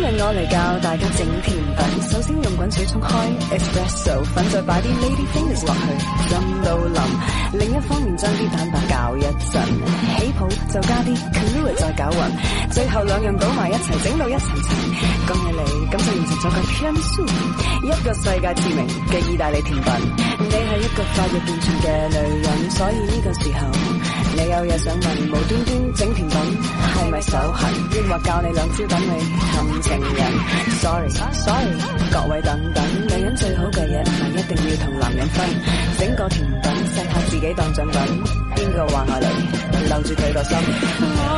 今日我嚟教大家整甜品，首先用滾水沖開 espresso 粉，再擺啲 lady fingers 落去浸到腍。另一方面將啲蛋白攪一陣，起泡就加啲 creamer 再攪勻，最後兩樣倒埋一齊整到一層層。恭喜你，咁就完成咗個 tiramisu，一個世界知名嘅意大利甜品。你係一個發育健全嘅女人，所以呢個時候。你有嘢想問，無端端整甜品係咪手痕？抑或教你兩招等你氹情人？Sorry Sorry，各位等等，女人最好嘅嘢唔係一定要同男人分，整個甜品適合自己當獎品。邊個話我嚟留住佢個心？